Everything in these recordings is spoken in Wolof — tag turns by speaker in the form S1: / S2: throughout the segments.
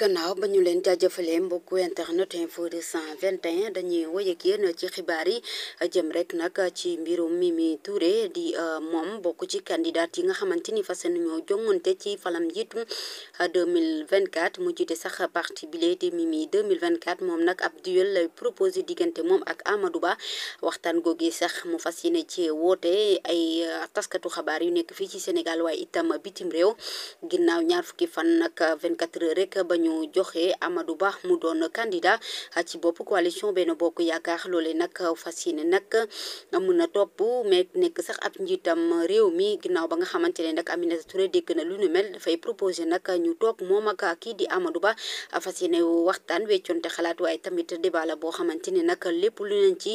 S1: gannaaw ba ñu leen jaajëfalee mbokku internet info 221 dañuy wéy ak yéen ci xibaar yi jëm rek nag ci mbirum Mimi Touré di euh, moom bokk ci candidat yi nga xamante ni fas nañoo jongante ci falam njiitu 2024 euh, mu jiite sax parti bile di Mimi 2024 moom nag ab duel lay proposé diggante moom ak Amadou Ba waxtaan googu sax mu fas yi ne ci woote ay euh, taskatu xabaar yu nekk fii ci Sénégal waaye itam bitim réew ginnaaw ñaar fukki fan nag 24 heures ñu joxe Amadou Ba mu doon a ci bopp coalition Benno Bokk Yaakaar loole nag fas yéene nag mën a topp mais nekk sax ab njiitam réew mi ginnaaw ba nga xamante ne nag Aminata Touré dégg na lu nu mel dafay proposé nag ñu toog moom kii di Amadou Ba fas yéene waxtaan weccoonte xalaat waaye tamit débat la boo xamante ne nag lépp lu ci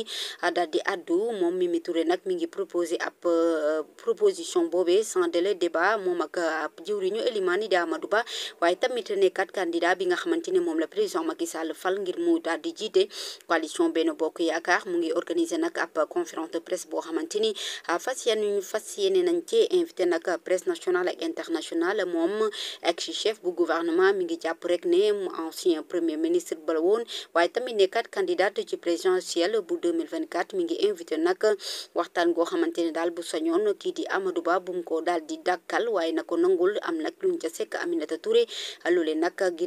S1: daal di addu moom Mimi Touré nag mi ngi proposé ab euh, proposition boobee sans délai débat moom ak ab jiwriñu Elimane di Amadou Ba waaye tamit nekkat candidat candidat bi nga xamante ne moom la président Macky Sall fal ngir mu daal di jiite coalition Benno Bokk Yaakaar mu ngi organiser nag ab conférence de presse boo xamante ni ah, fas yéene fas yéene nañ ci invité nag presse nationale ak internationale moom ex chef bu gouvernement mi ngi jàpp rek ne ancien premier ministre bala woon waaye tamit nekkat candidate ci présidentielle bu 2024 ngi invité nag waxtaan goo xamante ne daal bu soñoon kii di Amadou Ba bu ko daal di dàkkal waaye na ko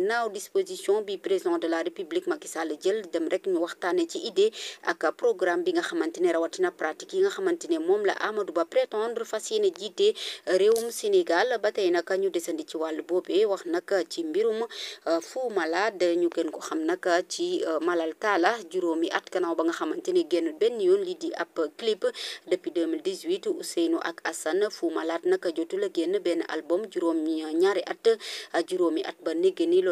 S1: ginnaaw disposition bi président de la république Macky Sall jël dem rek ñu waxtaanee ci idée ak programme bi nga xamante ne rawatina pratique yi nga xamante ne moom la Amadou Ba prétendre fas yéene jiite réewum Sénégal ba tey nag ñu desandi ci wàllu boobee wax nag ci mbirum euh, Fou Malade ñu gën ko xam nag ci euh, Malal Talla juróomi at gannaaw ba nga xamante ne génn benn yoon lii di ab clip depuis 2018 Ousseynou ak Assane Fou Malade nag jotul a génn benn album juróom ñaari at juróomi at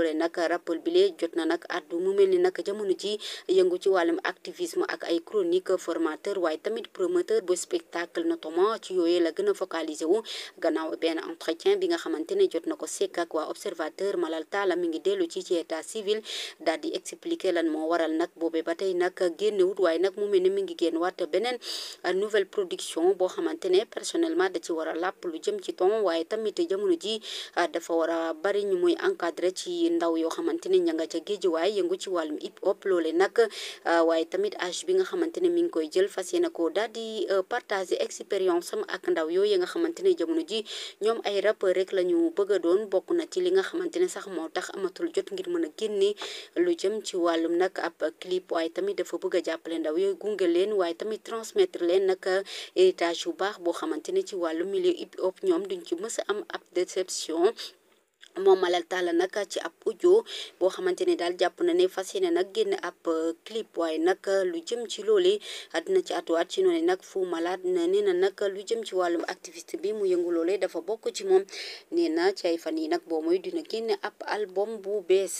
S1: loolee nag rappel bi lee jot na nag addu mu mel ni nag jamono ji yëngu ci wàllum activisme ak ay chronique formateur waaye tamit promoteur bu spectacle notamment ci yooyee la gën a focaliser wu gannaaw benn entretien bi nga xamante ne jot na ko sekk ak waa observateur Malal Talla mi ngi dellu ci ci état civil daal di expliquer lan moo waral nag boobee ba tey nag génnewut waaye nag mu mel ni mi ngi génn waat beneen nouvelle production boo xamante ne personnellement da ci war a làpp lu jëm ci ton waaye tamit jamono a yi ndaw yoo xamante ne ña nga ca géejuwaay yëngu ci wàllum hip hop loole nag euh, waaye tamit âge bi nga xamante ne mi ngi koy jël fas yéene ko daal di euh, partager expérience am ak ndaw yooyu nga xamante ne jamono ji ñoom ay rappeur rek la ñu bëgg a doon bokk na ci li nga xamante ne sax moo tax amatul jot ngir mën a génne lu jëm ci wàllum nag ab clip waaye tamit dafa bëgg a jàppale ndaw yooyu gunge leen waaye tamit transmettre leen nag euh, héritage yu baax boo xamante ne ci wàllum milieu hip hop ñoom duñ ci mës a am ab déception moom Malal Talla nag ci ab audio boo xamante ne daal jàpp na ne fas yéene nag génn ab euh, clip waaye nag euh, lu jëm ci loolee dina ci atuwaat ci noonu nag Fou Malade nee na nag lu jëm ci wàllum activiste bi mu yëngu loolee dafa bokk ci moom nee na ci ay fan yi nag boo mooy dina génn ab albom bu bees.